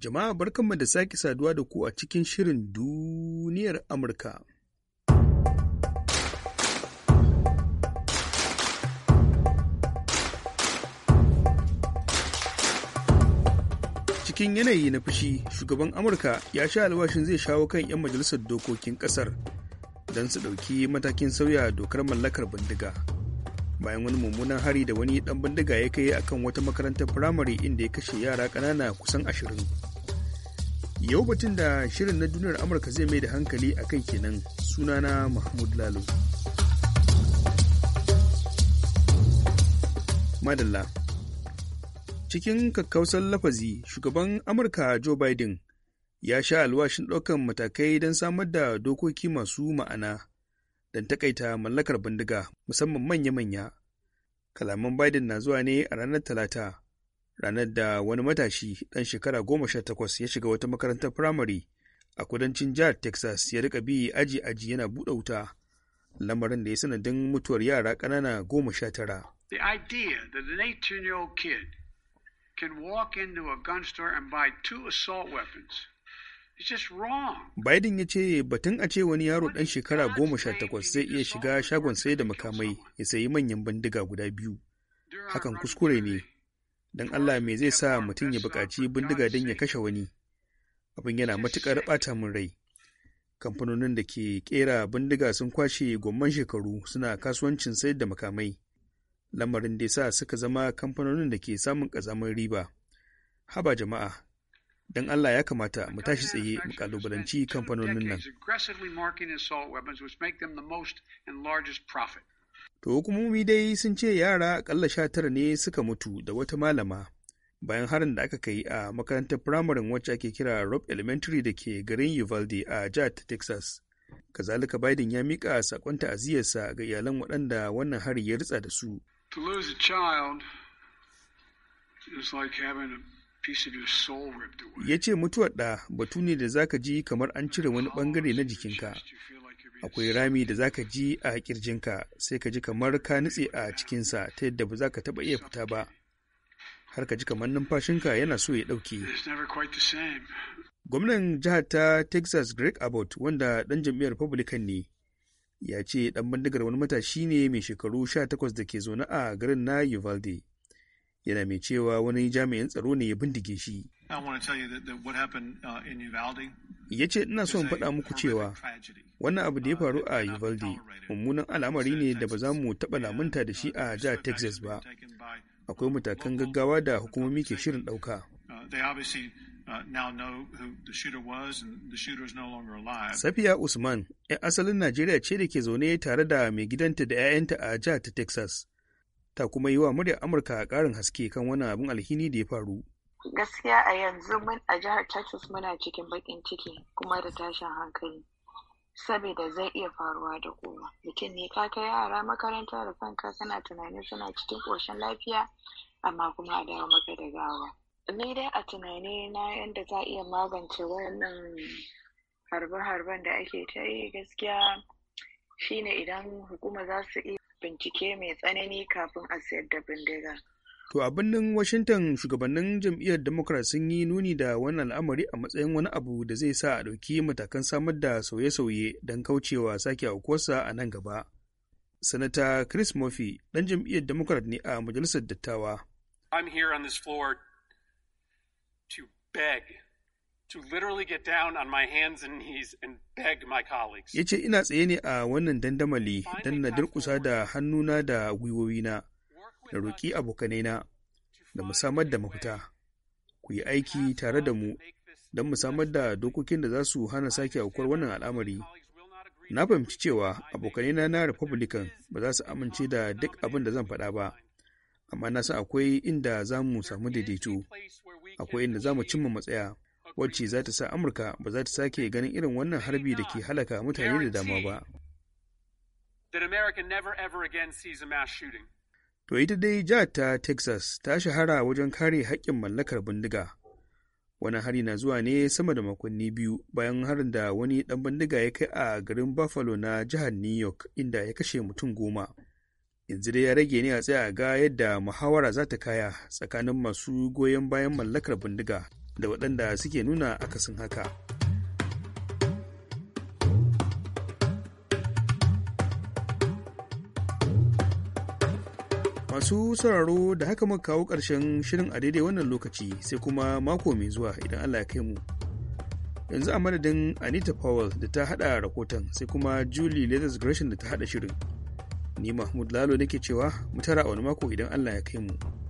Jama'a barkanmu da sake saduwa da ku a cikin shirin duniyar Amurka. Cikin yanayi na fushi, shugaban Amurka ya sha alwashin zai shawo kan 'yan majalisar dokokin ƙasar don su ɗauki matakin sauya dokar mallakar bindiga. bayan wani mummunan hari da wani dan bindiga ya kai akan wata makarantar firamare inda ya kashe yara ƙanana kusan ashirin yau batun da shirin na duniyar amurka zai mai da hankali a kai kenan sunana mahmud lalo madalla cikin kakkausar lafazi shugaban amurka joe biden ya sha alwashin ɗaukan matakai don samar da dokoki masu ma'ana don takaita mallakar bindiga musamman manya-manya. Kalaman Biden na zuwa ne a ranar Talata, ranar da wani matashi ɗan shekara goma sha takwas ya shiga wata makarantar firamare a kudancin jihar Texas ya rika bi aji-aji yana buɗe wuta, lamarin da ya sanadin mutuwar yara ƙanana goma sha tara. The idea that an 18-year-old kid can walk into a gun store and buy two assault weapons Biden ya ce batun a ce wani yaro ɗan shekara goma sha takwas zai iya shiga shagon sai da makamai ya sayi manyan bindiga guda biyu. Hakan kuskure ne, don Allah me zai sa mutum ya buƙaci bindiga don ya kashe wani. Abin yana matuƙar ɓata min rai. Kamfanonin da ke ƙera bindiga sun kwashe gomman shekaru suna kasuwancin sayar da makamai. Lamarin da ya sa suka zama kamfanonin da ke samun ƙazamin riba. Haba jama'a, don Allah ya kamata mu tashi tsaye mu kalubalanci kamfanonin nan. To hukumomi dai sun ce yara akalla sha tara ne suka mutu da wata malama bayan harin da aka kai a makarantar firamarin wacce ake kira Rob Elementary da ke garin Uvalde a jihar Texas. Kazalika Biden ya miƙa saƙon ta'aziyarsa ga iyalan waɗanda wannan hari ya ritsa da su. To Ya ce mutuwar ɗa batu ne da zaka ji kamar an cire wani ɓangare na jikinka. Akwai rami da zaka ji a kirjinka sai ka ji kamar ka nutse a cikinsa ta yadda ba za ka taɓa iya fita ba. Har ka ji kamar numfashinka yana so ya ɗauke. Gwamnan jihar ta Texas Greg Abbott wanda ɗan Jami'ar Republican ne ya ce ɗan bindigar wani matashi ne mai shekaru 18 da ke zaune a garin na Uvalde. yana mai cewa wani jami'in tsaro ne ya bindige shi. Uh, ya ce ina son faɗa muku cewa wannan abu da ya uh, faru a Uvalde mummunan al'amari ne da ba za mu taɓa lamunta da shi uh, a jihar Texas ba. Akwai matakan gaggawa da hukumomi ke shirin ɗauka. Safiya Usman, 'yan asalin Najeriya ce da ke zaune tare da mai gidanta da 'ya'yanta a jihar ta Texas. ta kuma yi wa muryar amurka ƙarin haske kan wani abin alhini da ya faru gaskiya a yanzu mun a jihar texas muna cikin baƙin ciki kuma da tashin hankali saboda zai iya faruwa da kowa mutum ne ka kai yara makaranta da kanka suna tunani suna cikin koshin lafiya amma kuma a dawo maka da gawa ni dai a tunani na yadda ta iya magance wannan harbe-harben da ake ta yi gaskiya shine idan hukuma za su iya bincike mai tsanani kafin a sayar da bindiga. To a birnin Washington shugabannin jam'iyyar Democrat sun yi nuni da wannan al'amari a matsayin wani abu da zai sa a ɗauki matakan samar da sauye-sauye don kaucewa sake aukuwarsa a nan gaba. Sanata Chris Murphy ɗan jam'iyyar Democrat ne a majalisar dattawa. I'm here on this floor to literally get down on my hands and knees and beg my colleagues. Yace ina tsaye ne a wannan dandamali don na durkusa da hannuna da gwiwowina na roƙi abokanaina da mu samar da mafita. Ku yi aiki tare da mu don mu samar da dokokin da za su hana sake aukuwar wannan al'amari. Na fahimci cewa abokanaina na Republican ba za su amince da duk abin da zan faɗa ba, amma na san akwai inda za mu samu daidaito, akwai inda za mu cimma matsaya. wacce za ta sa amurka ba za ta sake ganin irin wannan harbi da ke halaka mutane da dama ba to ita dai jihar ta texas ta shahara wajen kare haƙƙin mallakar bindiga wani hari na zuwa ne sama da makonni biyu bayan harin da wani ɗan bindiga ya kai a garin buffalo na jihar new york inda ya kashe mutum goma yanzu dai ya rage ne a tsaya ga yadda muhawara za ta kaya tsakanin masu goyon bayan mallakar bindiga da waɗanda suke nuna akasin haka masu sauraro da haka muka kawo ƙarshen shirin a daidai wannan lokaci sai kuma mako mai zuwa idan allah ya kai mu yanzu a madadin anita powell da ta haɗa rahoton sai kuma julie leathers gresham da ta haɗa shirin ni mahmud lalo nake cewa mu tara a wani mako idan allah ya kai mu